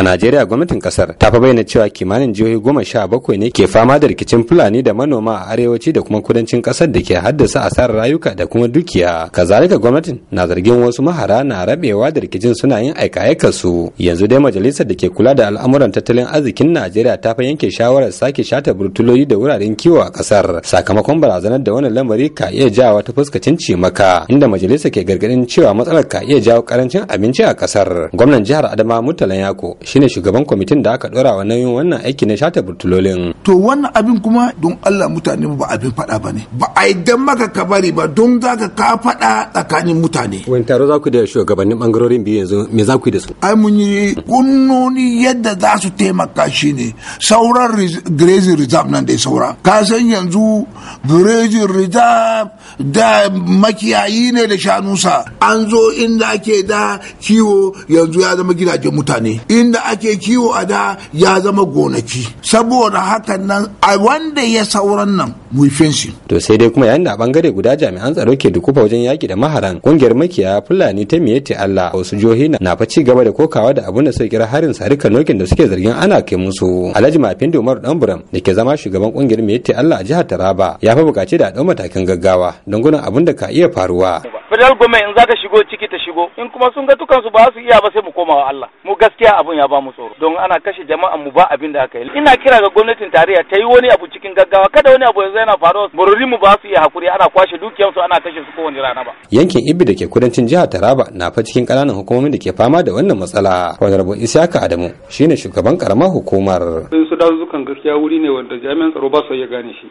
a najeriya gwamnatin kasar ta fa bayyana cewa kimanin jihohi goma sha bakwai ne ke fama da rikicin fulani da manoma a arewaci da kuma kudancin kasar da ke haddasa asarar rayuka da kuma dukiya kazalika gwamnatin na zargin wasu mahara na rabewa da rikicin suna yin aika su yanzu dai majalisar da ke kula da al'amuran tattalin arzikin najeriya ta fa yanke shawarar sake shata burtuloyi da wuraren kiwo a kasar sakamakon barazanar da wannan lamari ka iya jawo ta fuskacin cimaka inda majalisa ke gargadin cewa matsalar ka iya jawo karancin abinci a kasar gwamnan jihar adama murtalan yako shine shugaban kwamitin da aka dora wa nauyin wannan aiki na shata burtulolin to wannan abin kuma don Allah mutane ba abin fada ba ne ba a idan maka ka bari ba don za ka ka fada tsakanin mutane wani taro za ku da shugabannin bangarorin biyu yanzu me za ku yi da su ai mun yi kunnoni yadda za su taimaka ne sauran grazing reserve nan da saura ka san yanzu grazing reserve da makiyayi ne da shanusa an zo inda ake da kiwo yanzu ya zama gidajen mutane inda da ake kiwo a da ya zama gonaki saboda hakan nan a wanda ya sauran nan mu fensin to sai dai kuma yayin da bangare guda jami'an tsaro ke dukufa wajen yaki da maharan kungiyar makiya fulani ta miyete Allah wasu jihohi na fa ci gaba da kokawa da abun da suka kira harin sarika nokin da suke zargin ana kai musu Alhaji Mafindi Umar Danburam da ke zama shugaban kungiyar miyete Allah a jihar Taraba ya fa bukaci da a matakan gaggawa don gudun abun da ka iya faruwa federal government in zaka shigo ciki ta shigo in kuma sun ga tukansu ba su iya ba sai mu koma wa Allah mu gaskiya abun ya ba mu tsoro don ana kashe jama'an mu ba abin da aka yi ina kira ga gwamnatin tarayya ta yi wani abu cikin gaggawa kada wani abu yanzu yana faruwa borori mu ba su iya hakuri ana kwashe dukiyansu ana kashe su kowane rana ba yankin Ibi da ke kudancin jihar Taraba na fa cikin kananan hukumomin da ke fama da wannan matsala Honorable Isaka Adamu shine shugaban karamar hukumar sun su kan gaskiya wuri ne wanda jami'an tsaro ba su iya gane shi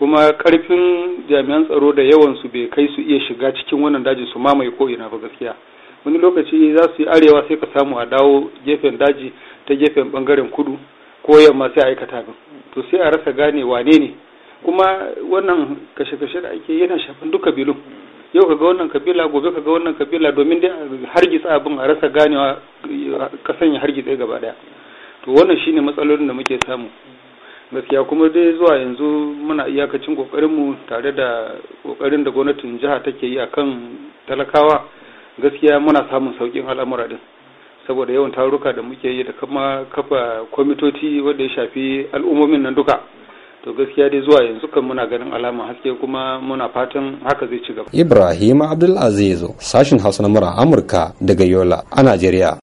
kuma karfin jami'an tsaro da yawan su bai kai su iya shiga cikin wannan dajin su mamaye ko ina ba gaskiya wani lokaci za su yi arewa sai ka samu a dawo gefen daji ta gefen bangaren kudu ko yamma sai aikata ba to sai a rasa gane wane ne kuma wannan kashe-kashe da ake yana shafin duk kabilun yau ka ga wannan kabila gobe ka ga wannan kabila domin dai hargitsa abin a rasa ganewa kasan ya hargitsa gaba daya to wannan shine matsalolin da muke samu gaskiya kuma dai zuwa yanzu muna iyakacin kokarinmu tare da kokarin da gwamnatin jiha take yi akan talakawa gaskiya muna samun saukin al'amura din saboda yawan taruka da muke yi da kuma kafa kwamitoci wanda ya shafi al'ummomin nan duka to gaskiya dai zuwa yanzu kan muna ganin alama haske kuma muna fatan haka zai ci gaba ibrahim abdulaziz sashin hausa na mura amurka daga yola a najeriya